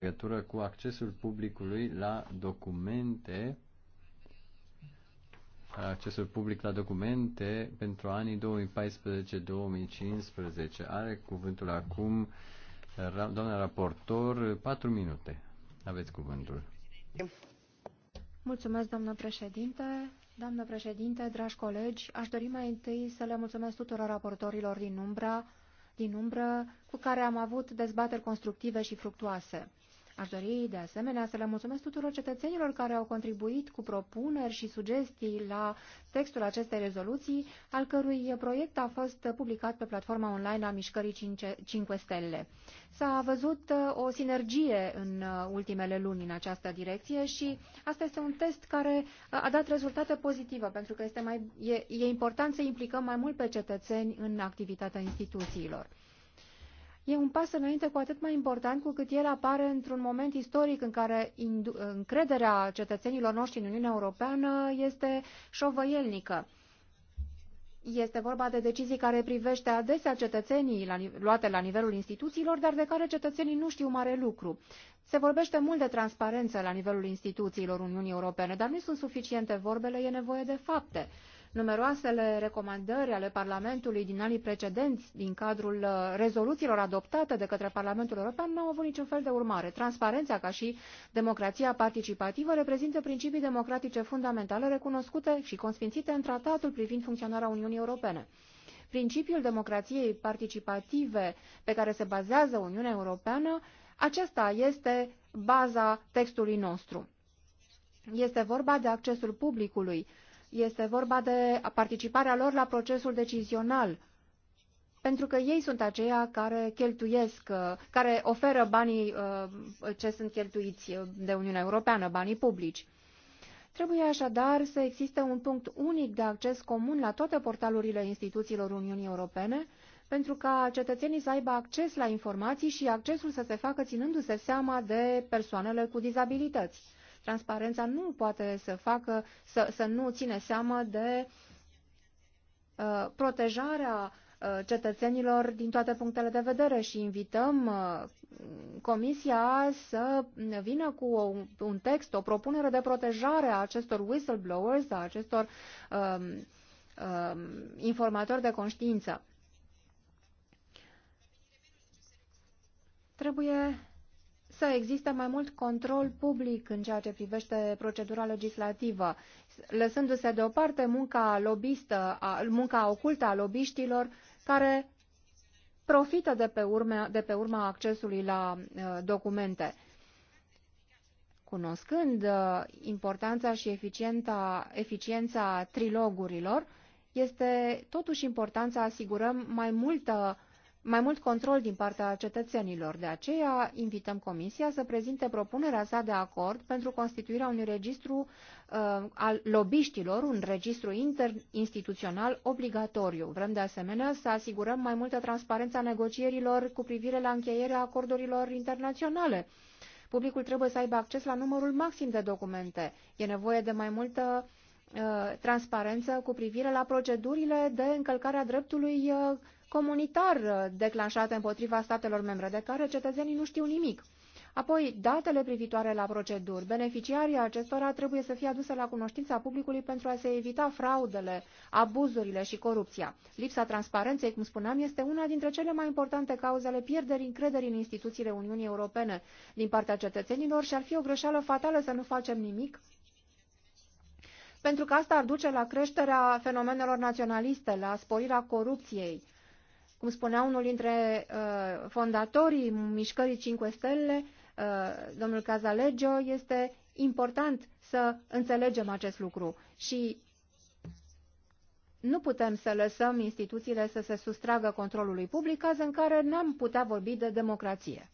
legătură cu accesul publicului la documente accesul public la documente pentru anii 2014-2015. Are cuvântul acum doamna raportor, 4 minute. Aveți cuvântul. Mulțumesc, doamnă președinte. Doamnă președinte, dragi colegi, aș dori mai întâi să le mulțumesc tuturor raportorilor din umbra, din umbră, cu care am avut dezbateri constructive și fructuoase. Aș dori, de asemenea, să le mulțumesc tuturor cetățenilor care au contribuit cu propuneri și sugestii la textul acestei rezoluții, al cărui proiect a fost publicat pe platforma online a Mișcării 5 Stele. S-a văzut uh, o sinergie în uh, ultimele luni în această direcție și asta este un test care uh, a dat rezultate pozitive, pentru că este mai, e, e important să implicăm mai mult pe cetățeni în activitatea instituțiilor e un pas înainte cu atât mai important cu cât el apare într-un moment istoric în care încrederea cetățenilor noștri în Uniunea Europeană este șovăielnică. Este vorba de decizii care privește adesea cetățenii la, luate la nivelul instituțiilor, dar de care cetățenii nu știu mare lucru. Se vorbește mult de transparență la nivelul instituțiilor Uniunii Europene, dar nu sunt suficiente vorbele, e nevoie de fapte numeroasele recomandări ale Parlamentului din anii precedenți, din cadrul uh, rezoluțiilor adoptate de către Parlamentul European, nu au avut niciun fel de urmare. Transparența ca și democrația participativă reprezintă principii democratice fundamentale recunoscute și consfințite în tratatul privind funcționarea Uniunii Europene. Principiul democrației participative pe care se bazează Uniunea Europeană, acesta este baza textului nostru. Este vorba de accesul publicului este vorba de participarea lor la procesul decizional, pentru că ei sunt aceia care cheltuiesc, uh, care oferă banii uh, ce sunt cheltuiți de Uniunea Europeană, banii publici. Trebuie așadar să existe un punct unic de acces comun la toate portalurile instituțiilor Uniunii Europene, pentru ca cetățenii să aibă acces la informații și accesul să se facă ținându-se seama de persoanele cu dizabilități transparența nu poate să facă, să, să nu ține seama de uh, protejarea uh, cetățenilor din toate punctele de vedere și invităm uh, Comisia să vină cu un text, o propunere de protejare a acestor whistleblowers, a acestor um, um, informatori de conștiință. Trebuie să existe mai mult control public în ceea ce privește procedura legislativă, lăsându-se deoparte munca, lobistă, a, munca ocultă a lobiștilor care profită de pe, urme, de pe urma accesului la uh, documente. Cunoscând uh, importanța și eficiența, eficiența trilogurilor, este totuși important să asigurăm mai multă mai mult control din partea cetățenilor. De aceea invităm Comisia să prezinte propunerea sa de acord pentru constituirea unui registru uh, al lobiștilor, un registru interinstituțional obligatoriu. Vrem de asemenea să asigurăm mai multă transparență a negocierilor cu privire la încheierea acordurilor internaționale. Publicul trebuie să aibă acces la numărul maxim de documente. E nevoie de mai multă uh, transparență cu privire la procedurile de încălcare a dreptului uh, comunitar uh, declanșate împotriva statelor membre, de care cetățenii nu știu nimic. Apoi, datele privitoare la proceduri. Beneficiarii acestora trebuie să fie aduse la cunoștința publicului pentru a se evita fraudele, abuzurile și corupția. Lipsa transparenței, cum spuneam, este una dintre cele mai importante cauze ale pierderii încrederii în instituțiile Uniunii Europene din partea cetățenilor și ar fi o greșeală fatală să nu facem nimic pentru că asta ar duce la creșterea fenomenelor naționaliste, la sporirea corupției cum spunea unul dintre uh, fondatorii Mișcării 5 Stele, uh, domnul Cazalegio, este important să înțelegem acest lucru și nu putem să lăsăm instituțiile să se sustragă controlului public, caz în care n-am putea vorbi de democrație.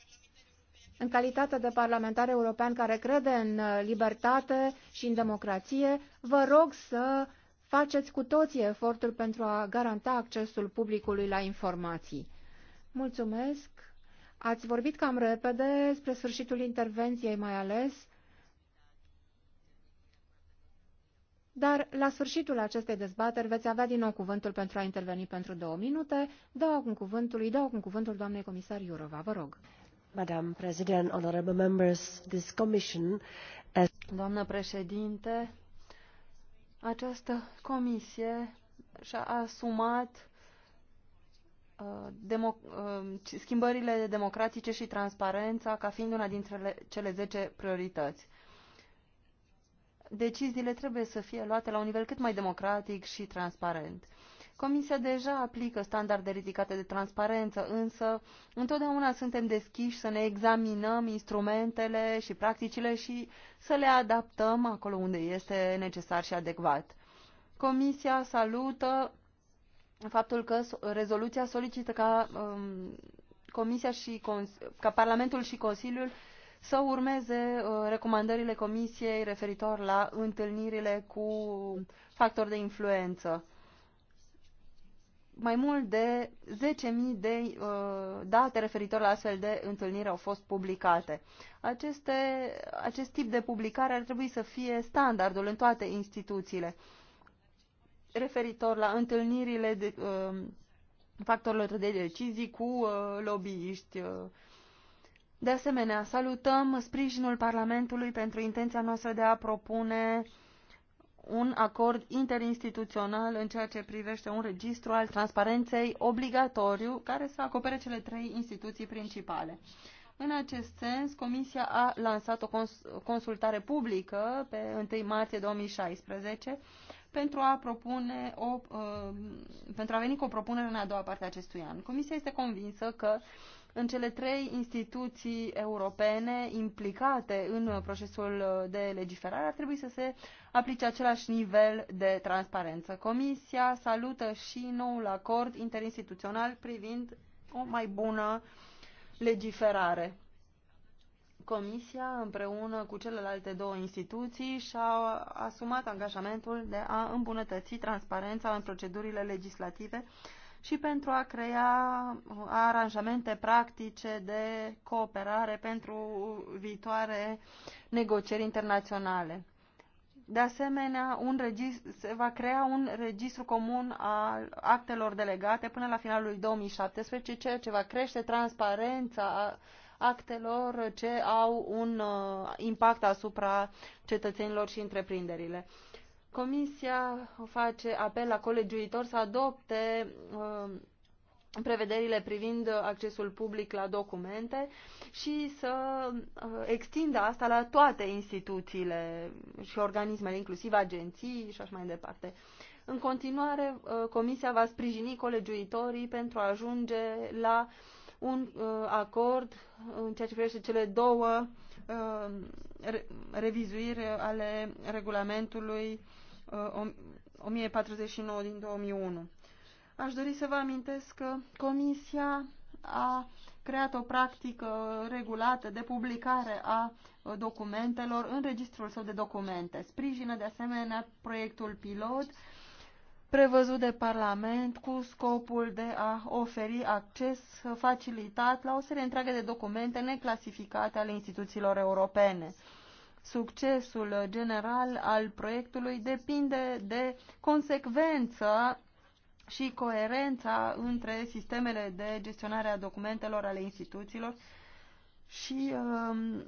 În calitate de parlamentar european care crede în uh, libertate și în democrație, vă rog să uh, Faceți cu toții efortul pentru a garanta accesul publicului la informații. Mulțumesc. Ați vorbit cam repede, spre sfârșitul intervenției mai ales, dar la sfârșitul acestei dezbateri veți avea din nou cuvântul pentru a interveni pentru două minute. Dau acum cuvântul, îi dau acum cuvântul doamnei comisar Iurova, vă rog. Madam President, honorable members, this commission... Doamnă președinte, această comisie și-a asumat uh, Demo uh, schimbările democratice și transparența ca fiind una dintre cele 10 priorități. Deciziile trebuie să fie luate la un nivel cât mai democratic și transparent. Comisia deja aplică standarde ridicate de transparență, însă întotdeauna suntem deschiși să ne examinăm instrumentele și practicile și să le adaptăm acolo unde este necesar și adecvat. Comisia salută faptul că rezoluția solicită ca um, Comisia și ca Parlamentul și Consiliul să urmeze uh, recomandările Comisiei referitor la întâlnirile cu factori de influență mai mult de 10.000 de uh, date referitor la astfel de întâlniri au fost publicate. Aceste, acest tip de publicare ar trebui să fie standardul în toate instituțiile. Referitor la întâlnirile de, uh, factorilor de decizii cu uh, lobbyiști. Uh. De asemenea, salutăm sprijinul Parlamentului pentru intenția noastră de a propune uh, un acord interinstituțional în ceea ce privește un registru al transparenței obligatoriu care să acopere cele trei instituții principale. În acest sens, Comisia a lansat o cons consultare publică pe 1 martie 2016 pentru a, propune o, uh, pentru a veni cu o propunere în a doua parte a acestui an. Comisia este convinsă că în cele trei instituții europene implicate în procesul de legiferare ar trebui să se aplice același nivel de transparență. Comisia salută și noul acord interinstituțional privind o mai bună legiferare. Comisia, împreună cu celelalte două instituții, și-a asumat angajamentul de a îmbunătăți transparența în procedurile legislative și pentru a crea uh, aranjamente practice de cooperare pentru viitoare negocieri internaționale. De asemenea, un registru, se va crea un registru comun al actelor delegate până la finalul 2017, ceea ce va crește transparența actelor ce au un uh, impact asupra cetățenilor și întreprinderile. Comisia face apel la colegiuitor să adopte um, prevederile privind accesul public la documente și să uh, extindă asta la toate instituțiile și organismele, inclusiv agenții și așa mai departe. În continuare, uh, Comisia va sprijini colegiuitorii pentru a ajunge la un uh, acord în ceea ce privește cele două revizuiri ale regulamentului 1049 uh, din 2001. Aș dori să vă amintesc că Comisia a creat o practică regulată de publicare a uh, documentelor în registrul său de documente. Sprijină de asemenea proiectul pilot prevăzut de Parlament cu scopul de a oferi acces facilitat la o serie întreagă de documente neclasificate ale instituțiilor europene. Succesul general al proiectului depinde de consecvența și coerența între sistemele de gestionare a documentelor ale instituțiilor și um,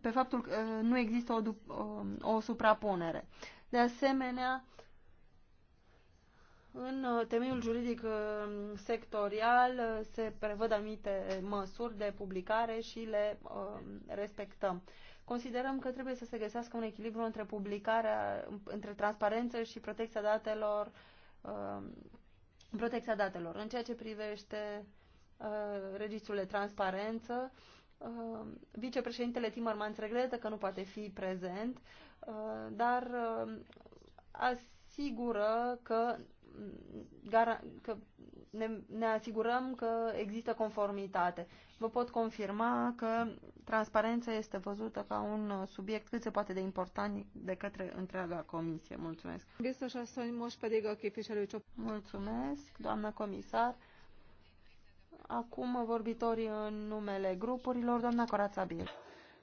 pe faptul că uh, nu există o, um, o suprapunere. De asemenea, în uh, temeiul juridic uh, sectorial se prevăd anumite măsuri de publicare și le um, respectăm. Considerăm că trebuie să se găsească un echilibru între publicarea, între transparență și protecția datelor, um, protecția datelor. În ceea ce privește uh, registrul de transparență, um, vicepreședintele Timmermans regretă că nu poate fi prezent, uh, dar um, asigură că, că ne, ne asigurăm că există conformitate. Vă pot confirma că transparența este văzută ca un uh, subiect cât se poate de important de către întreaga comisie. Mulțumesc. Mulțumesc, doamna comisar. Acum vorbitorii în numele grupurilor, doamna Corața Bir.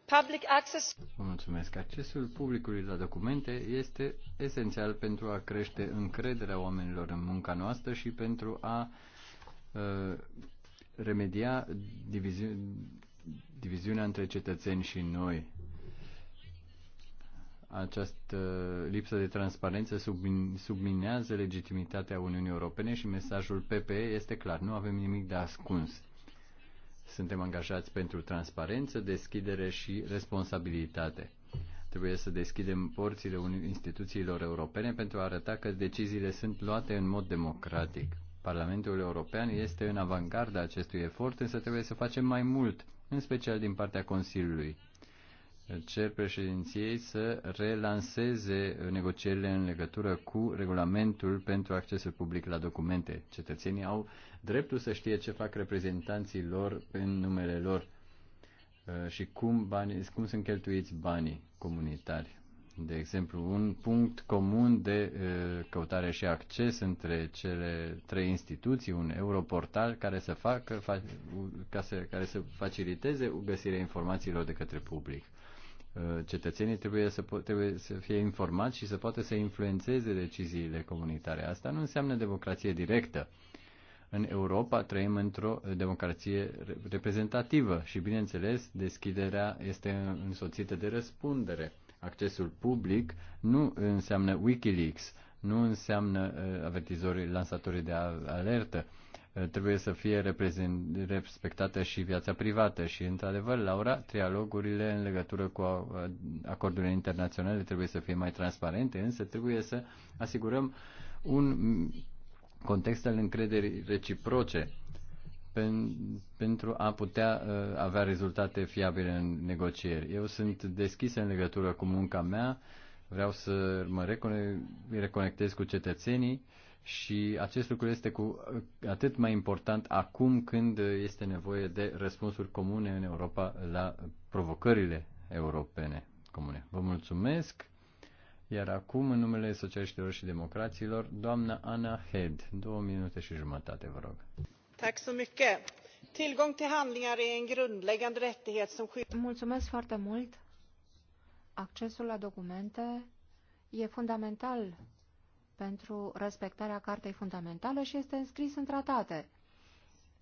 Public access. Vă mulțumesc. Accesul publicului la documente este esențial pentru a crește încrederea oamenilor în munca noastră și pentru a uh, remedia diviziunea diviziunea între cetățeni și noi, această lipsă de transparență subminează legitimitatea Uniunii Europene și mesajul PPE este clar, nu avem nimic de ascuns. Suntem angajați pentru transparență, deschidere și responsabilitate. Trebuie să deschidem porțile instituțiilor europene pentru a arăta că deciziile sunt luate în mod democratic. Parlamentul European este în avangarda acestui efort, însă trebuie să facem mai mult în special din partea Consiliului. Cer președinției să relanseze negocierile în legătură cu regulamentul pentru accesul public la documente. Cetățenii au dreptul să știe ce fac reprezentanții lor în numele lor uh, și cum, banii, cum sunt cheltuiți banii comunitari de exemplu, un punct comun de căutare și acces între cele trei instituții, un europortal care să, facă, ca să, care să faciliteze găsirea informațiilor de către public. Cetățenii trebuie să, trebuie să fie informați și să poată să influențeze deciziile comunitare. Asta nu înseamnă democrație directă. În Europa trăim într-o democrație reprezentativă și, bineînțeles, deschiderea este însoțită de răspundere Accesul public nu înseamnă Wikileaks, nu înseamnă uh, avertizorii, lansatorii de alertă. Uh, trebuie să fie respectată și viața privată și, într-adevăr, Laura, trialogurile în legătură cu uh, acordurile internaționale trebuie să fie mai transparente, însă trebuie să asigurăm un context al încrederii reciproce pen, pentru a putea uh, avea rezultate fiabile în negocieri. Eu sunt deschis în legătură cu munca mea, vreau să mă reconectez cu cetățenii și acest lucru este cu uh, atât mai important acum când este nevoie de răspunsuri comune în Europa la provocările europene comune. Vă mulțumesc! Iar acum, în numele Socialiștilor și Democraților, doamna Ana Head, două minute și jumătate, vă rog. Mulțumesc foarte Tillgång till handlingar är en grundläggande rättighet som Mulțumesc foarte mult. Accesul la documente e fundamental pentru respectarea Cartei Fundamentale și este înscris în tratate.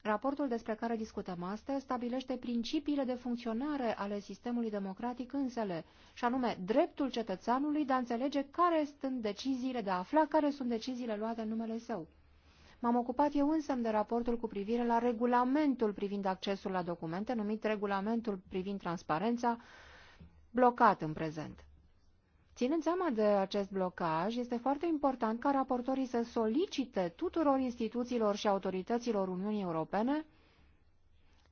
Raportul despre care discutăm astăzi stabilește principiile de funcționare ale sistemului democratic însele, și anume dreptul cetățeanului de a înțelege care sunt deciziile, de a afla care sunt deciziile luate în numele său. M-am ocupat eu însăm de raportul cu privire la regulamentul privind accesul la documente, numit regulamentul privind transparența, blocat în prezent. Ținând seama de acest blocaj, este foarte important ca raportorii să solicite tuturor instituțiilor și autorităților Uniunii Europene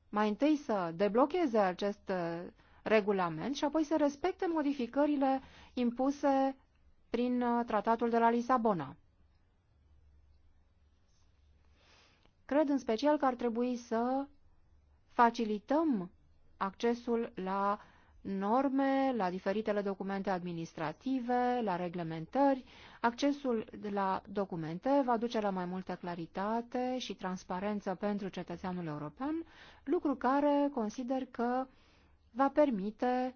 mai întâi să deblocheze acest uh, regulament și apoi să respecte modificările impuse prin uh, tratatul de la Lisabona. Cred în special că ar trebui să facilităm accesul la norme, la diferitele documente administrative, la reglementări. Accesul la documente va duce la mai multă claritate și transparență pentru cetățeanul european, lucru care consider că va permite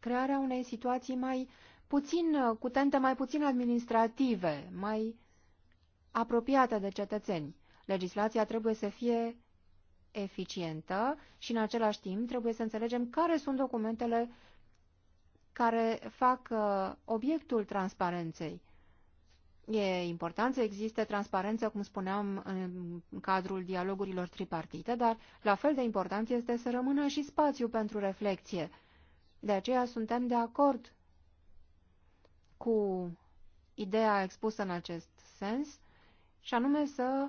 crearea unei situații mai puțin, cu tente mai puțin administrative, mai apropiate de cetățeni. Legislația trebuie să fie eficientă și în același timp trebuie să înțelegem care sunt documentele care fac uh, obiectul transparenței. E important să existe transparență, cum spuneam, în cadrul dialogurilor tripartite, dar la fel de important este să rămână și spațiu pentru reflexie. De aceea suntem de acord cu ideea expusă în acest sens, și anume să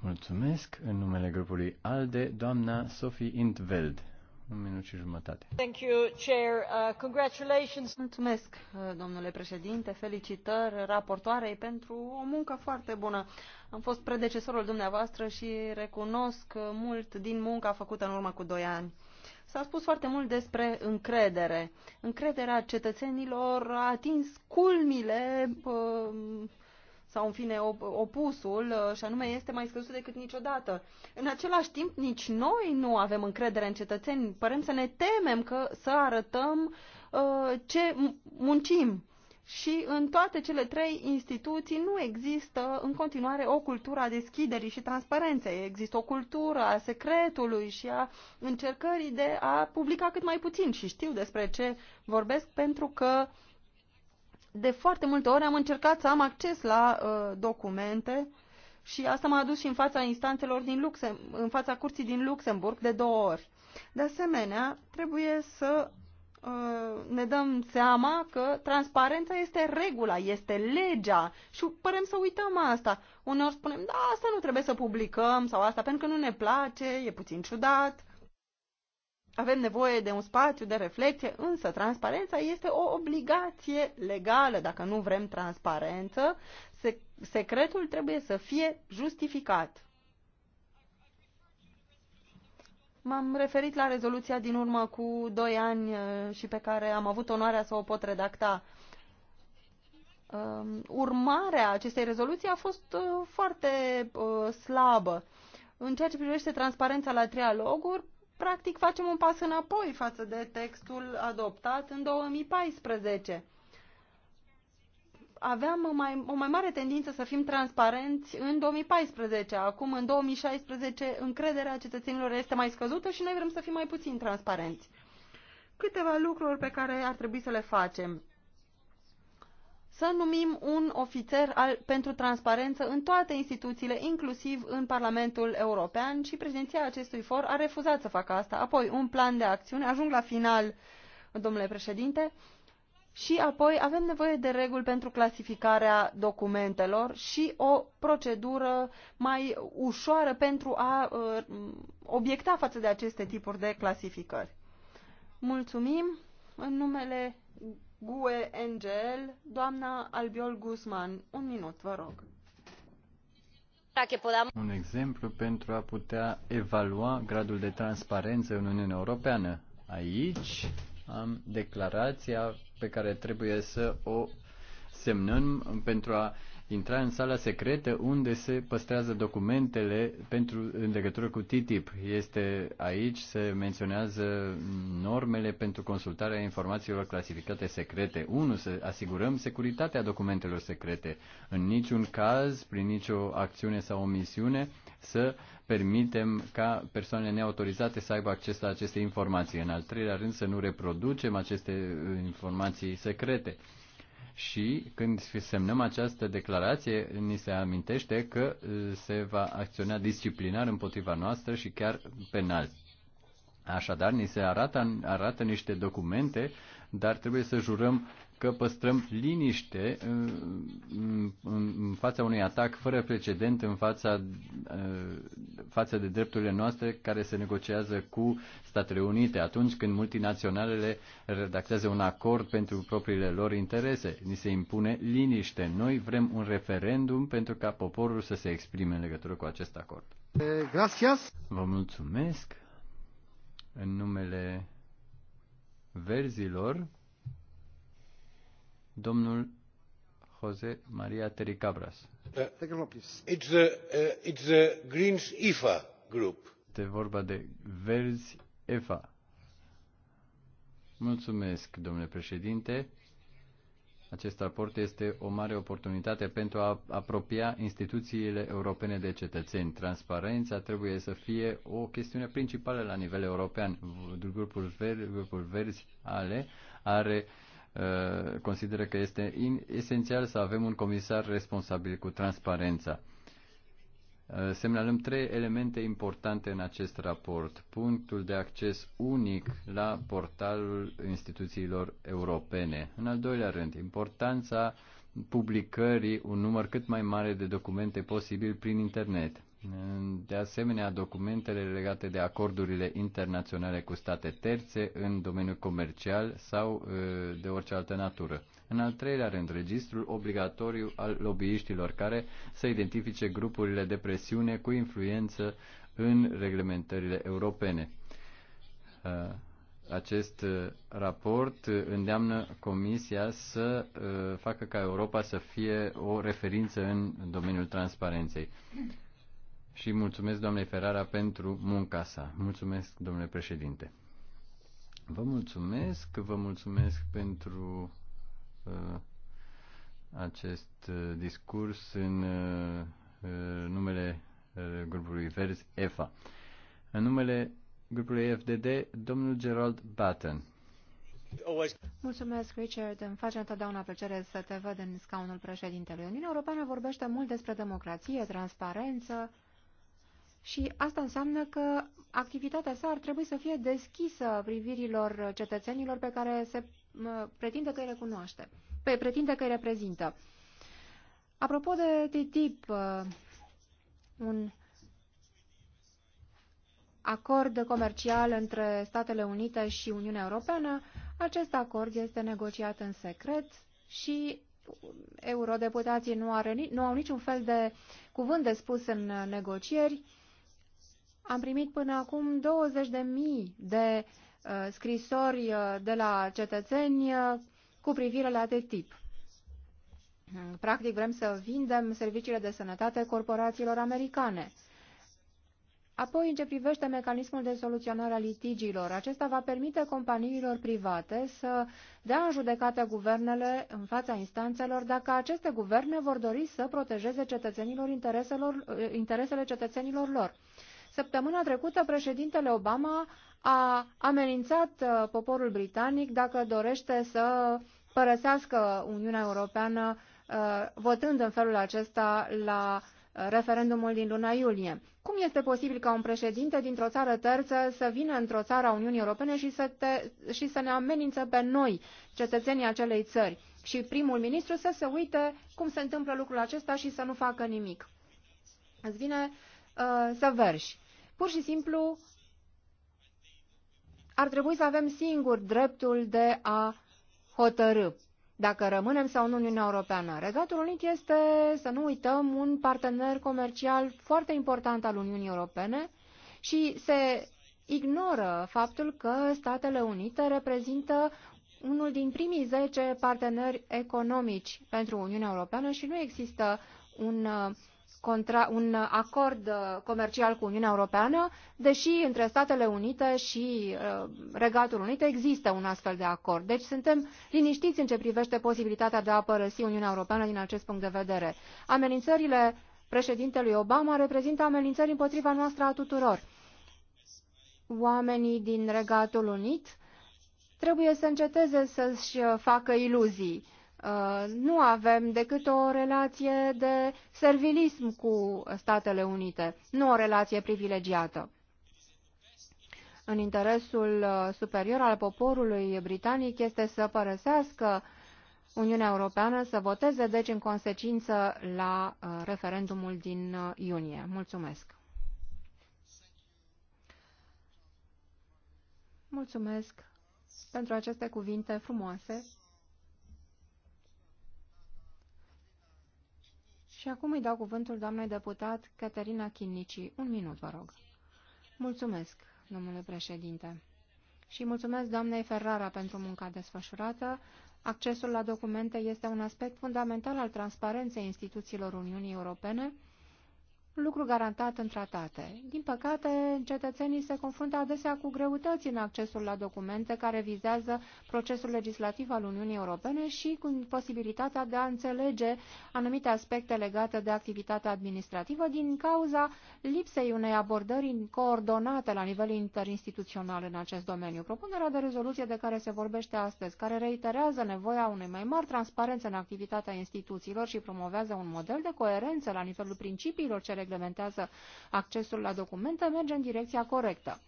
Mulțumesc. În numele grupului ALDE, doamna Sophie Intveld. Un minut și jumătate. Thank you, Chair. Uh, congratulations. Mulțumesc, uh, domnule președinte. Felicitări raportoarei pentru o muncă foarte bună. Am fost predecesorul dumneavoastră și recunosc mult din munca făcută în urmă cu doi ani. S-a spus foarte mult despre încredere. Încrederea cetățenilor a atins culmile uh, sau în fine opusul, uh, și anume este mai scăzut decât niciodată. În același timp, nici noi nu avem încredere în cetățeni. Părem să ne temem că să arătăm uh, ce muncim. Și în toate cele trei instituții nu există în continuare o cultură a deschiderii și transparenței. Există o cultură a secretului și a încercării de a publica cât mai puțin. Și știu despre ce vorbesc pentru că uh, de foarte multe ori am încercat să am acces la uh, documente și asta m-a adus și în fața instanțelor din Luxem, în fața curții din Luxemburg de două ori. De asemenea, trebuie să uh, ne dăm seama că transparența este regula, este legea și părem să uităm asta. Uneori spunem, da, asta nu trebuie să publicăm sau asta pentru că nu ne place, e puțin ciudat avem nevoie de un spațiu de reflecție, însă transparența este o obligație legală. Dacă nu vrem transparență, secretul trebuie să fie justificat. M-am referit la rezoluția din urmă cu doi ani uh, și pe care am avut onoarea să o pot redacta. Um, urmarea acestei rezoluții a fost uh, foarte uh, slabă. În ceea ce privește transparența la trialoguri, practic facem un pas înapoi față de textul adoptat în 2014. Aveam o mai, o mai mare tendință să fim transparenți în 2014. Acum, în 2016, încrederea cetățenilor este mai scăzută și noi vrem să fim mai puțin transparenți. Câteva lucruri pe care ar trebui să le facem să numim un ofițer al, pentru transparență în toate instituțiile, inclusiv în Parlamentul European și președinția acestui for a refuzat să facă asta. Apoi un plan de acțiune, ajung la final, domnule președinte, și apoi avem nevoie de reguli pentru clasificarea documentelor și o procedură mai ușoară pentru a uh, obiecta față de aceste tipuri de clasificări. Mulțumim în numele GUE NGL, doamna Albiol Guzman. Un minut, vă rog. Un exemplu pentru a putea evalua gradul de transparență în Uniunea Europeană. Aici am declarația pe care trebuie să o semnăm pentru a intra în sala secretă unde se păstrează documentele pentru, în legătură cu TTIP. Este aici, se menționează normele pentru consultarea informațiilor clasificate secrete. 1. Să asigurăm securitatea documentelor secrete. În niciun caz, prin nicio acțiune sau omisiune, să permitem ca persoanele neautorizate să aibă acces la aceste informații. În al treilea rând, să nu reproducem aceste informații secrete și când semnăm această declarație, ni se amintește că uh, se va acționa disciplinar împotriva noastră și chiar penal. Așadar, ni se arată, arată niște documente, dar trebuie să jurăm că păstrăm liniște uh, în, în, în fața unui atac fără precedent în fața uh, față de drepturile noastre care se negociază cu Statele Unite atunci când multinaționalele redactează un acord pentru propriile lor interese. Ni se impune liniște. Noi vrem un referendum pentru ca poporul să se exprime în legătură cu acest acord. Eh, gracias. Vă mulțumesc. În numele verzilor, domnul José María Tericabras. Uh, it's the, uh, it's the Greens IFA group. Este vorba de Verzi EFA. Mulțumesc, domnule președinte. Acest raport este o mare oportunitate pentru a apropia instituțiile europene de cetățeni. Transparența trebuie să fie o chestiune principală la nivel european. Grupul, Ver, grupul Verzi ale are Uh, consideră că este esențial să avem un comisar responsabil cu transparența. Uh, semnalăm trei elemente importante în acest raport. Punctul de acces unic la portalul instituțiilor europene. În al doilea rând, importanța publicării un număr cât mai mare de documente posibil prin internet. De asemenea, documentele legate de acordurile internaționale cu state terțe în domeniul comercial sau uh, de orice altă natură. În al treilea rând, registrul obligatoriu al lobbyiștilor care să identifice grupurile de presiune cu influență în reglementările europene. Uh, acest uh, raport îndeamnă Comisia să facă ca Europa să fie o referință în domeniul transparenței și mulțumesc doamnei Ferrara pentru munca sa. Mulțumesc, domnule președinte. Vă mulțumesc, vă mulțumesc pentru uh, acest uh, discurs în uh, uh numele uh, grupului Verzi EFA. În numele grupului FDD, domnul Gerald Batten. Mulțumesc, Richard. Îmi face întotdeauna plăcere să te văd în scaunul președintelui. Uniunea Europeană vorbește mult despre democrație, transparență, și asta înseamnă că activitatea sa ar trebui să fie deschisă privirilor cetățenilor pe care se pretinde că îi recunoaște, pe, pretinde că îi reprezintă. Apropo de TTIP, uh, un acord comercial între Statele Unite și Uniunea Europeană, acest acord este negociat în secret și eurodeputații nu, are, nu au niciun fel de cuvânt de spus în negocieri am primit până acum 20.000 de uh, scrisori uh, de la cetățeni uh, cu privire la acest tip. Hmm, practic vrem să vindem serviciile de sănătate corporațiilor americane. Apoi, în ce privește mecanismul de soluționare a litigiilor, acesta va permite companiilor private să dea în judecată guvernele în fața instanțelor dacă aceste guverne vor dori să protejeze cetățenilor intereselor, uh, interesele cetățenilor lor. Săptămâna trecută, președintele Obama a amenințat uh, poporul britanic dacă dorește să părăsească Uniunea Europeană uh, votând în felul acesta la uh, referendumul din luna iulie. Cum este posibil ca un președinte dintr-o țară terță să vină într-o țară a Uniunii Europene și să, te, și să ne amenință pe noi, cetățenii acelei țări, și primul ministru să se uite cum se întâmplă lucrul acesta și să nu facă nimic? Îți vine uh, să verși. Pur și simplu ar trebui să avem singur dreptul de a hotărâ dacă rămânem sau nu în Uniunea Europeană. Regatul Unit este, să nu uităm, un partener comercial foarte important al Uniunii Europene și se ignoră faptul că Statele Unite reprezintă unul din primii 10 parteneri economici pentru Uniunea Europeană și nu există un uh, contra, un acord uh, comercial cu Uniunea Europeană, deși între Statele Unite și uh, Regatul Unit există un astfel de acord. Deci suntem liniștiți în ce privește posibilitatea de a părăsi Uniunea Europeană din acest punct de vedere. Amenințările președintelui Obama reprezintă amenințări împotriva noastră a tuturor. Oamenii din Regatul Unit trebuie să înceteze să-și facă iluzii Uh, nu avem decât o relație de servilism cu Statele Unite, nu o relație privilegiată. În interesul uh, superior al poporului britanic este să părăsească Uniunea Europeană, să voteze deci în consecință la uh, referendumul din iunie. Mulțumesc! Mulțumesc pentru aceste cuvinte frumoase. Și acum îi dau cuvântul doamnei deputat Caterina Chinnici. Un minut, vă rog. Mulțumesc, domnule președinte. Și mulțumesc doamnei Ferrara pentru munca desfășurată. Accesul la documente este un aspect fundamental al transparenței instituțiilor Uniunii Europene, lucru garantat în tratate. Din păcate, cetățenii se confruntă adesea cu greutăți în accesul la documente care vizează procesul legislativ al Uniunii Europene și cu posibilitatea de a înțelege anumite aspecte legate de activitatea administrativă din cauza lipsei unei abordări coordonate la nivel interinstituțional în acest domeniu. Propunerea de rezoluție de care se vorbește astăzi, care reiterează nevoia unei mai mari transparențe în activitatea instituțiilor și promovează un model de coerență la nivelul principiilor cele reglementează accesul la documente merge în direcția corectă.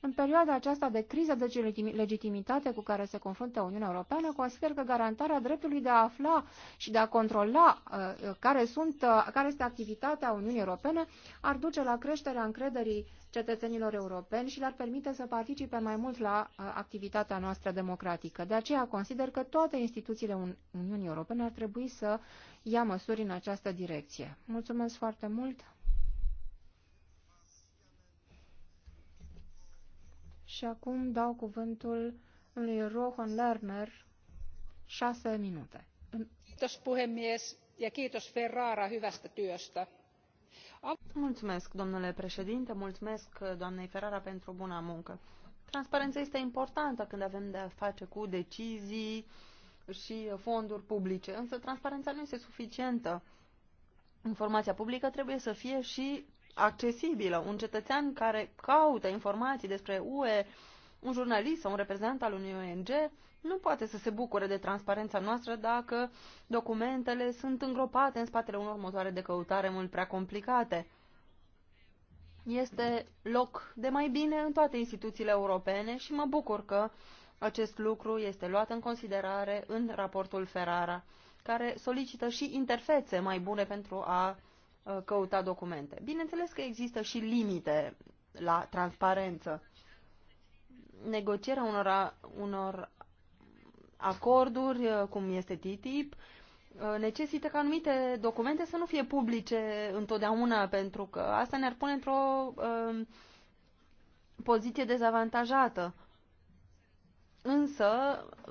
În perioada aceasta de criză de legitimitate cu care se confruntă Uniunea Europeană, consider că garantarea dreptului de a afla și de a controla uh, care, sunt, uh, care este activitatea Uniunii Europene ar duce la creșterea încrederii cetățenilor europeni și le-ar permite să participe mai mult la uh, activitatea noastră democratică. De aceea consider că toate instituțiile Uniunii Europene ar trebui să ia măsuri în această direcție. Mulțumesc foarte mult! Și acum dau cuvântul lui Rohan Lerner, șase minute. Kiitos puhemies ja kiitos Ferrara hyvästä työstä. Mulțumesc, domnule președinte, mulțumesc doamnei Ferrara pentru buna muncă. Transparența este importantă când avem de a face cu decizii și fonduri publice, însă transparența nu este suficientă. Informația publică trebuie să fie și accesibilă. Un cetățean care caută informații despre UE, un jurnalist sau un reprezentant al unui ONG, nu poate să se bucure de transparența noastră dacă documentele sunt îngropate în spatele unor motoare de căutare mult prea complicate. Este loc de mai bine în toate instituțiile europene și mă bucur că acest lucru este luat în considerare în raportul Ferrara, care solicită și interfețe mai bune pentru a Uh, căuta documente. Bineînțeles că există și limite la transparență. Negocierea unor, unor acorduri, uh, cum este TTIP, uh, necesită ca anumite documente să nu fie publice întotdeauna, pentru că asta ne-ar pune într-o uh, poziție dezavantajată. Însă,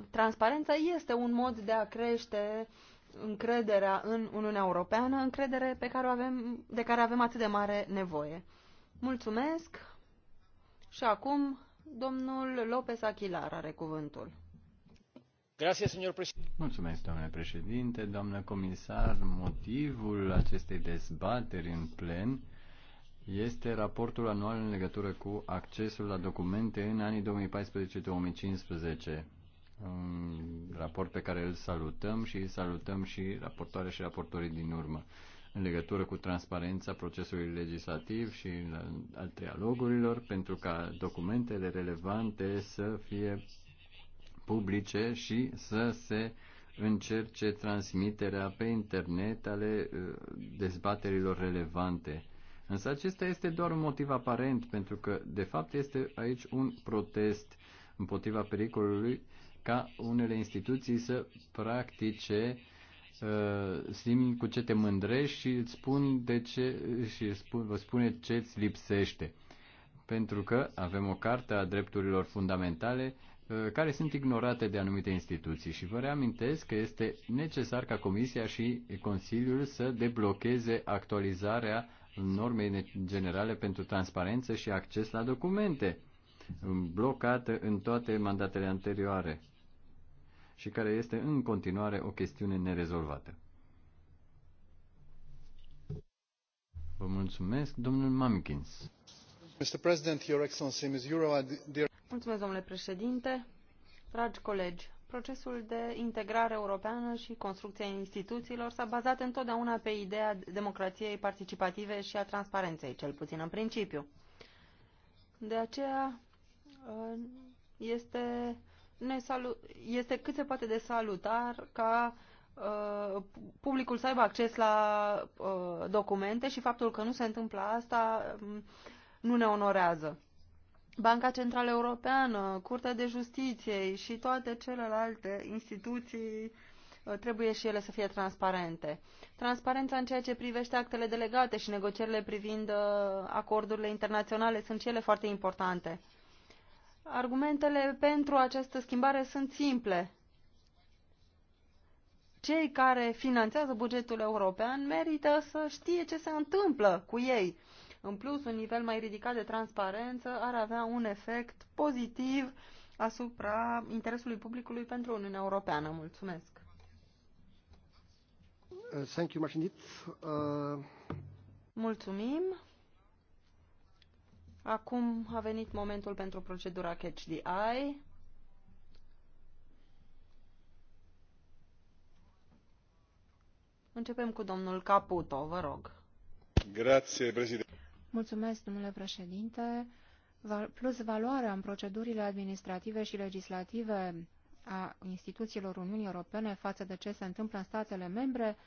transparența este un mod de a crește uh, încrederea în Uniunea Europeană, încredere pe care o avem, de care avem atât de mare nevoie. Mulțumesc și acum domnul López Achilar are cuvântul. Mulțumesc, domnule președinte, domnule comisar. Motivul acestei dezbateri în plen este raportul anual în legătură cu accesul la documente în anii 2014-2015 un raport pe care îl salutăm și îl salutăm și raportoare și raportorii din urmă în legătură cu transparența procesului legislativ și al trialogurilor, pentru ca documentele relevante să fie publice și să se încerce transmiterea pe internet ale uh, dezbaterilor relevante. Însă acesta este doar un motiv aparent, pentru că, de fapt, este aici un protest împotriva pericolului uh, ca unele instituții să practice uh, simt cu ce te mândrești și îți spun de ce și spun, vă spune ce îți lipsește. Pentru că avem o carte a drepturilor fundamentale uh, care sunt ignorate de anumite instituții și vă reamintesc că este necesar ca Comisia și Consiliul să deblocheze actualizarea normei generale pentru transparență și acces la documente, blocată în toate mandatele anterioare și care este în continuare o chestiune nerezolvată. Vă mulțumesc, domnul Mamikins. Mr. President, Your Excellency, Ms. Euro, dear... Mulțumesc, domnule președinte. Dragi colegi, procesul de integrare europeană și construcția instituțiilor s-a bazat întotdeauna pe ideea democrației participative și a transparenței, cel puțin în principiu. De aceea ă, este ne salu- este cât se poate de salutar ca uh, publicul să aibă acces la uh, documente și faptul că nu se întâmplă asta um, nu ne onorează. Banca Centrală Europeană, Curtea de Justiție și toate celelalte instituții uh, trebuie și ele să fie transparente. Transparența în ceea ce privește actele delegate și negocierile privind uh, acordurile internaționale sunt cele foarte importante. Argumentele pentru această schimbare sunt simple. Cei care finanțează bugetul european merită să știe ce se întâmplă cu ei. În plus, un nivel mai ridicat de transparență ar avea un efect pozitiv asupra interesului publicului pentru Uniunea Europeană. Mulțumesc! Thank you, uh, Mulțumim! Acum a venit momentul pentru procedura Catch the Eye. Începem cu domnul Caputo, vă rog. Grazie, președinte. Mulțumesc, domnule președinte. Plus valoarea în procedurile administrative și legislative a instituțiilor Uniunii Europene față de ce se întâmplă în statele membre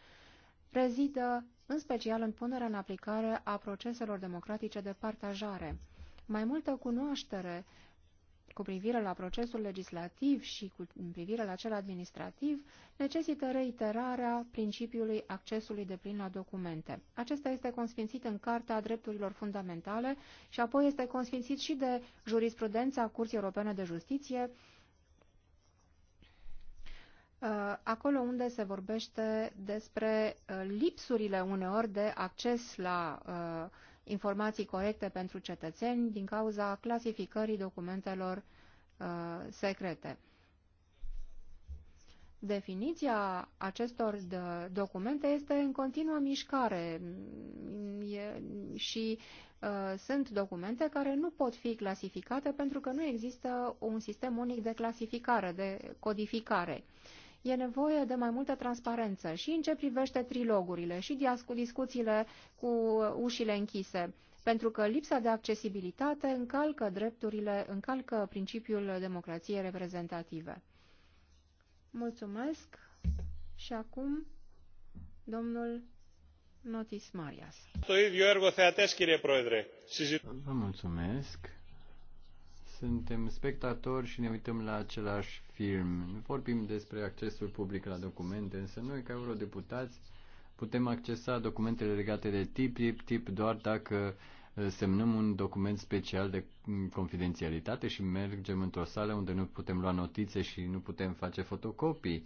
rezidă în special în punerea în aplicare a proceselor democratice de partajare. Mai multă cunoaștere cu privire la procesul legislativ și cu privire la cel administrativ, necesită reiterarea principiului accesului de plin la documente. Acesta este consfințit în Carta Drepturilor Fundamentale și apoi este consfințit și de jurisprudența Curții Europene de Justiție, uh, acolo unde se vorbește despre uh, lipsurile uneori de acces la uh, informații corecte pentru cetățeni din cauza clasificării documentelor uh, secrete. Definiția acestor documente este în continuă mișcare e, și uh, sunt documente care nu pot fi clasificate pentru că nu există un sistem unic de clasificare, de codificare e nevoie de mai multă transparență și în ce privește trilogurile și discuțiile cu ușile închise, pentru că lipsa de accesibilitate încalcă drepturile, încalcă principiul democrației reprezentative. Mulțumesc și acum domnul Notis Marias. Vă mulțumesc suntem spectatori și ne uităm la același film. Vorbim despre accesul public la documente, însă noi, ca eurodeputați, putem accesa documentele legate de tip, tip, tip doar dacă uh, semnăm un document special de confidențialitate și mergem într-o sală unde nu putem lua notițe și nu putem face fotocopii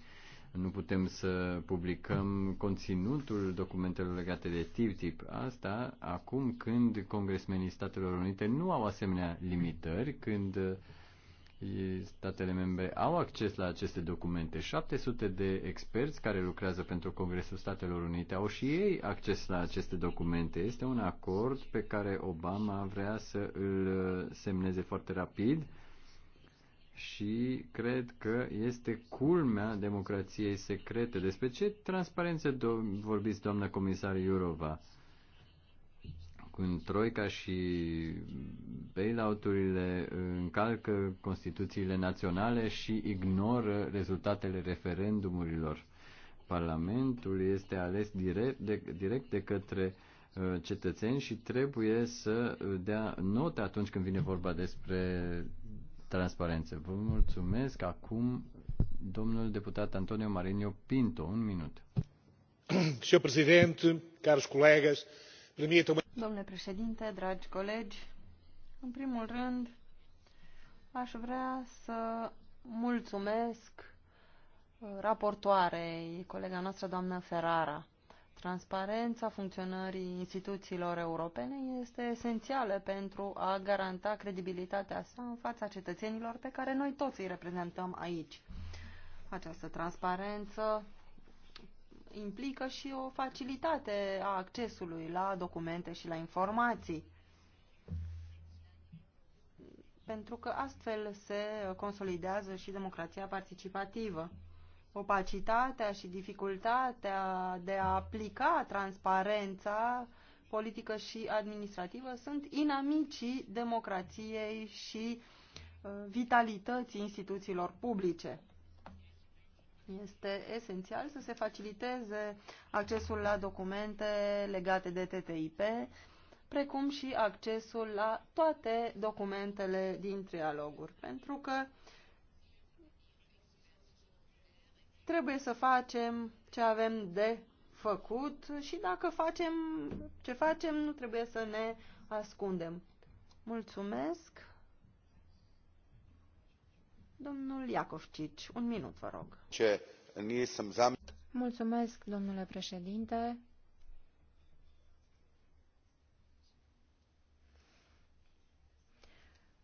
nu putem să publicăm conținutul documentelor legate de TTIP. Asta acum când congresmenii Statelor Unite nu au asemenea limitări, când eh, statele membre au acces la aceste documente. 700 de experți care lucrează pentru Congresul Statelor Unite au și ei acces la aceste documente. Este un acord pe care Obama vrea să îl eh, semneze foarte rapid și cred că este culmea democrației secrete. Despre ce transparență do- vorbiți, doamna comisar Iurova? Când Troica și bailout-urile încalcă Constituțiile naționale și ignoră rezultatele referendumurilor. Parlamentul este ales direct de, direct de către uh, cetățeni și trebuie să dea note atunci când vine vorba despre transparență. Vă mulțumesc. Acum, domnul deputat Antonio Marinho Pinto, un minut. Domnule președinte, caros colegas, permitam Domnule președinte, dragi colegi, în primul rând aș vrea să mulțumesc uh, raportoarei, colega noastră, doamna Ferrara. Transparența funcționării instituțiilor europene este esențială pentru a garanta credibilitatea sa în fața cetățenilor pe care noi toți îi reprezentăm aici. Această transparență implică și o facilitate a accesului la documente și la informații. Pentru că astfel se consolidează și democrația participativă opacitatea și dificultatea de a aplica transparența politică și administrativă sunt inamicii democrației și uh, vitalității instituțiilor publice. Este esențial să se faciliteze accesul la documente legate de TTIP, precum și accesul la toate documentele din trialoguri, pentru că Trebuie să facem ce avem de făcut și dacă facem ce facem, nu trebuie să ne ascundem. Mulțumesc. Domnul Iacovcici, un minut, vă rog. Ce Mulțumesc, domnule președinte.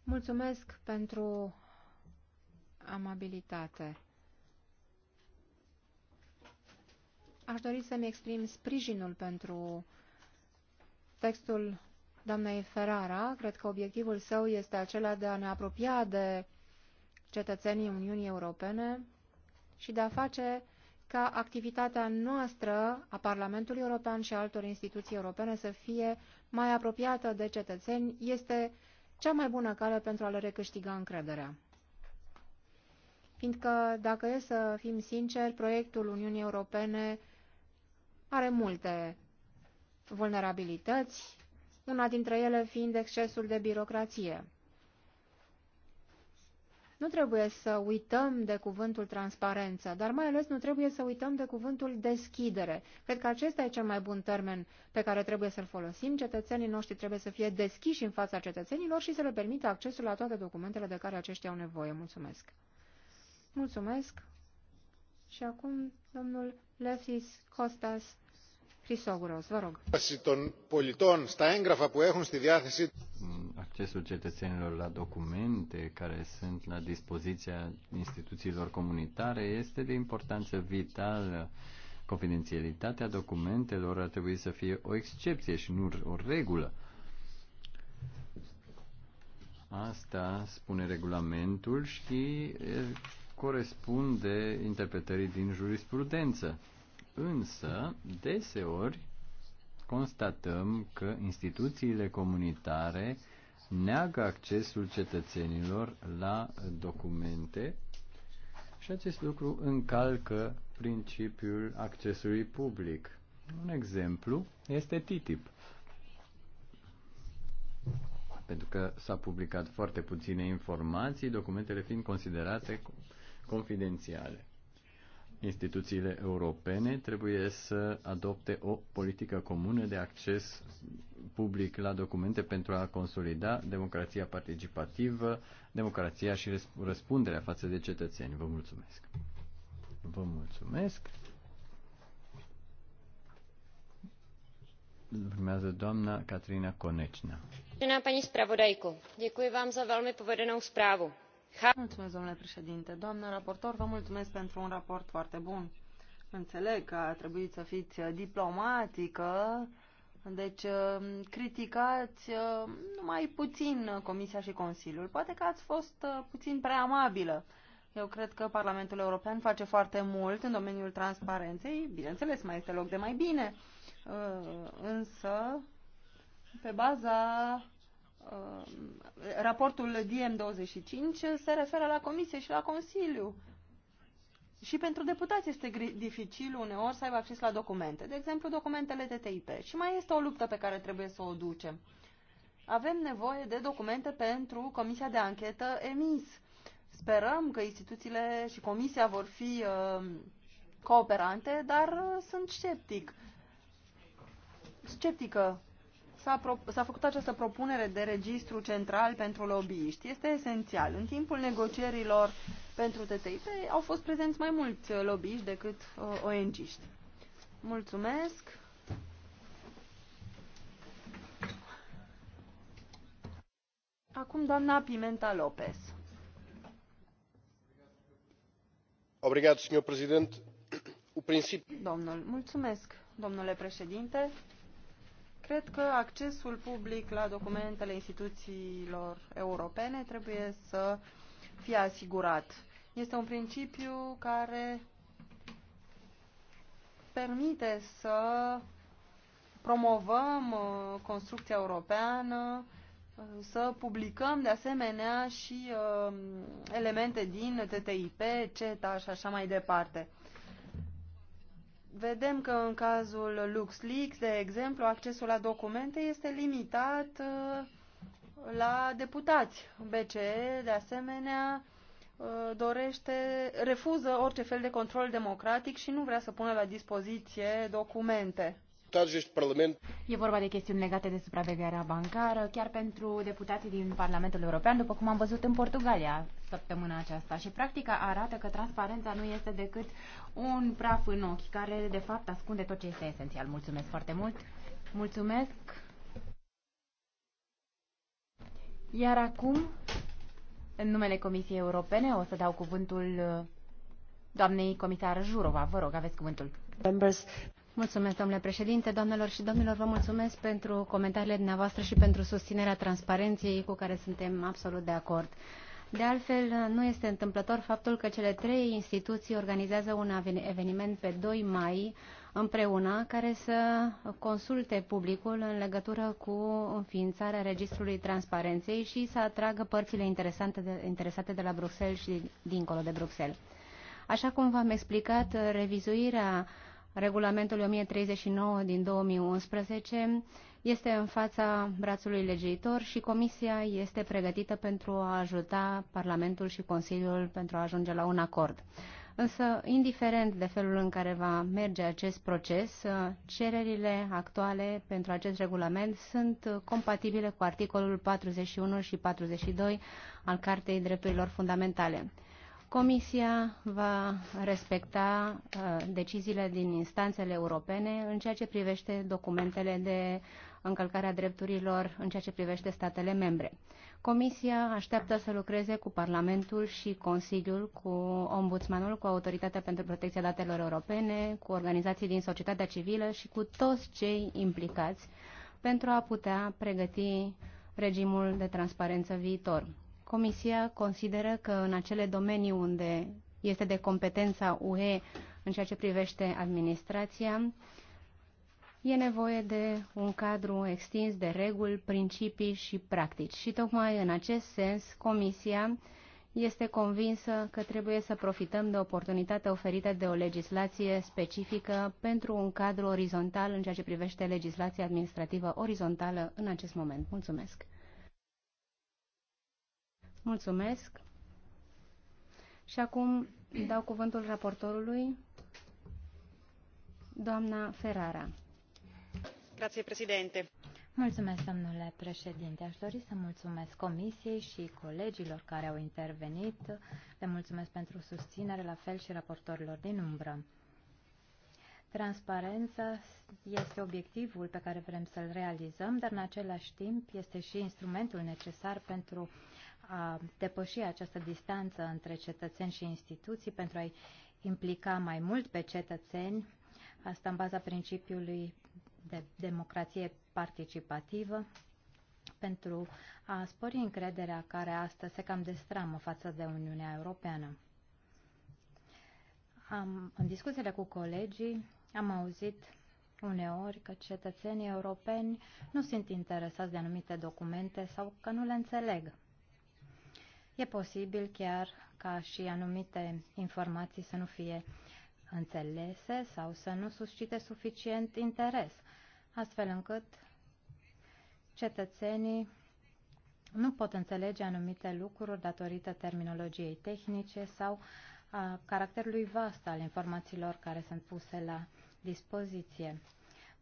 Mulțumesc pentru amabilitate. Aș dori să-mi exprim sprijinul pentru textul doamnei Ferrara. Cred că obiectivul său este acela de a ne apropia de cetățenii Uniunii Europene și de a face ca activitatea noastră a Parlamentului European și a altor instituții europene să fie mai apropiată de cetățeni este cea mai bună cale pentru a le recâștiga încrederea. Fiindcă, dacă e să fim sinceri, proiectul Uniunii Europene are multe vulnerabilități, una dintre ele fiind excesul de birocrație. Nu trebuie să uităm de cuvântul transparență, dar mai ales nu trebuie să uităm de cuvântul deschidere. Cred că acesta e cel mai bun termen pe care trebuie să-l folosim. Cetățenii noștri trebuie să fie deschiși în fața cetățenilor și să le permită accesul la toate documentele de care aceștia au nevoie. Mulțumesc! Mulțumesc! Și acum domnul Lefis Costas Crisoguros, vă rog. Mm, accesul cetățenilor la documente care sunt la dispoziția instituțiilor comunitare este de importanță vitală. Confidențialitatea documentelor ar trebui să fie o excepție și nu o regulă. Asta spune regulamentul și corespunde interpretării din jurisprudență. Însă, deseori, constatăm că instituțiile comunitare neagă accesul cetățenilor la documente și acest lucru încalcă principiul accesului public. Un exemplu este TTIP. Pentru că s-a publicat foarte puține informații, documentele fiind considerate confidențiale. Instituțiile europene trebuie să adopte o politică comună de acces public la documente pentru a consolida democrația participativă, democrația și răspunderea față de cetățeni. Vă mulțumesc! Vă mulțumesc! Urmează doamna Catrina Conecina. Vážená pani zpravodajko, děkuji vám za velmi povedenou zprávu Mulțumesc, domnule președinte. Doamnă raportor, vă mulțumesc pentru un raport foarte bun. Înțeleg că a trebuit să fiți uh, diplomatică, deci uh, criticați uh, numai puțin Comisia și Consiliul. Poate că ați fost puțin prea amabilă. Eu cred că Parlamentul European face foarte mult în domeniul transparenței. Bineînțeles, mai este loc de mai bine. Însă, pe baza Um, raportul DM25 se referă la Comisie și la Consiliu. Și pentru deputați este dificil uneori să aibă acces la documente, de exemplu documentele TIP. Și mai este o luptă pe care trebuie să o ducem. Avem nevoie de documente pentru Comisia de Anchetă EMIS. Sperăm că instituțiile și Comisia vor fi uh, cooperante, dar sunt sceptic. Sceptică s-a, făcut această propunere de registru central pentru lobbyiști. Este esențial. În timpul negocierilor pentru TTIP au fost prezenți mai mulți lobbyiști decât uh, ONG-iști. Mulțumesc! Acum doamna Pimenta Lopez. Obrigat, domnul, mulțumesc, domnule președinte Cred că accesul public la documentele instituțiilor europene trebuie să fie asigurat. Este un principiu care permite să promovăm uh, construcția europeană, uh, să publicăm de asemenea și uh, elemente din TTIP, CETA și așa mai departe. Vedem că în cazul LuxLeaks, de exemplu, accesul la documente este limitat uh, la deputați. BCE, de asemenea, uh, dorește, refuză orice fel de control democratic și nu vrea să pună la dispoziție documente. E vorba de chestiuni legate de supravegherea bancară, chiar pentru deputații din Parlamentul European, după cum am văzut în Portugalia săptămâna aceasta. Și practica arată că transparența nu este decât un praf în ochi, care de fapt ascunde tot ce este esențial. Mulțumesc foarte mult! Mulțumesc! Iar acum, în numele Comisiei Europene, o să dau cuvântul doamnei comisar Jurova. Vă rog, aveți cuvântul. Members. Mulțumesc, domnule președinte, doamnelor și domnilor, vă mulțumesc pentru comentariile dumneavoastră și pentru susținerea transparenței cu care suntem absolut de acord. De altfel, nu este întâmplător faptul că cele trei instituții organizează un eveniment pe 2 mai împreună care să consulte publicul în legătură cu înființarea Registrului Transparenței și să atragă părțile interesante de, interesate de la Bruxelles și dincolo de Bruxelles. Așa cum v-am explicat, revizuirea uh, regulamentului 1039 din 2011 este în fața brațului legiuitor și Comisia este pregătită pentru a ajuta Parlamentul și Consiliul pentru a ajunge la un acord. Însă, indiferent de felul în care va merge acest proces, cererile actuale pentru acest regulament sunt compatibile cu articolul 41 și 42 al Cartei Drepturilor Fundamentale. Comisia va respecta uh, deciziile din instanțele europene în ceea ce privește documentele de încălcarea drepturilor în ceea ce privește statele membre. Comisia așteaptă să lucreze cu Parlamentul și Consiliul, cu Ombudsmanul, cu Autoritatea pentru Protecția Datelor Europene, cu organizații din societatea civilă și cu toți cei implicați pentru a putea pregăti regimul de transparență viitor. Comisia consideră că în acele domenii unde este de competența UE în ceea ce privește administrația, e nevoie de un cadru extins de reguli, principii și practici. Și tocmai în acest sens, Comisia este convinsă că trebuie să profităm de oportunitatea oferită de o legislație specifică pentru un cadru orizontal în ceea ce privește legislația administrativă orizontală în acest moment. Mulțumesc! Mulțumesc. Și acum dau cuvântul raportorului, doamna Ferrara. Grazie, președinte. Mulțumesc, domnule președinte. Aș dori să mulțumesc comisiei și colegilor care au intervenit. Le mulțumesc pentru susținere, la fel și raportorilor din umbră. Transparența este obiectivul pe care vrem să-l realizăm, dar în același timp este și instrumentul necesar pentru a depăși această distanță între cetățeni și instituții, pentru a-i implica mai mult pe cetățeni, asta în baza principiului de democrație participativă, pentru a spori încrederea care astăzi se cam destramă față de Uniunea Europeană. Am, în discuțiile cu colegii am auzit uneori că cetățenii europeni nu sunt interesați de anumite documente sau că nu le înțeleg. E posibil chiar ca și anumite informații să nu fie înțelese sau să nu suscite suficient interes, astfel încât cetățenii nu pot înțelege anumite lucruri datorită terminologiei tehnice sau a caracterului vast al informațiilor care sunt puse la dispoziție.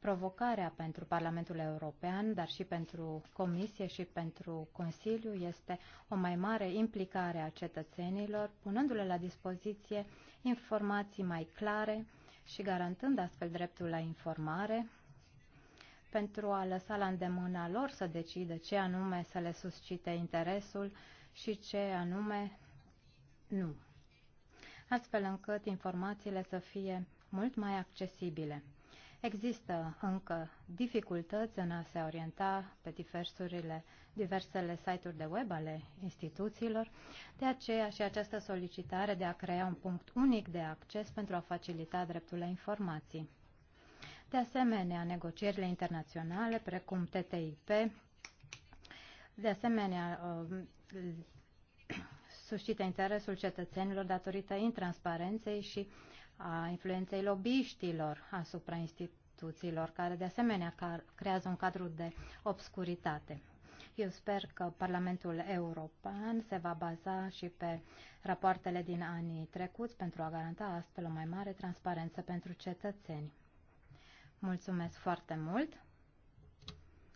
Provocarea pentru Parlamentul European, dar și pentru Comisie și pentru Consiliu este o mai mare implicare a cetățenilor, punându-le la dispoziție informații mai clare și garantând astfel dreptul la informare pentru a lăsa la îndemâna lor să decidă ce anume să le suscite interesul și ce anume nu astfel încât informațiile să fie mult mai accesibile. Există încă dificultăți în a se orienta pe diversurile, diversele site-uri de web ale instituțiilor, de aceea și această solicitare de a crea un punct unic de acces pentru a facilita dreptul la informații. De asemenea, negocierile internaționale, precum TTIP, de asemenea, uh, suscită interesul cetățenilor datorită intransparenței și uh, a influenței lobiștilor asupra instituțiilor, care de asemenea creează un cadru de obscuritate. Eu sper că Parlamentul European se va baza și pe rapoartele din anii trecuți pentru a garanta astfel o mai mare transparență pentru cetățeni. Mulțumesc foarte mult!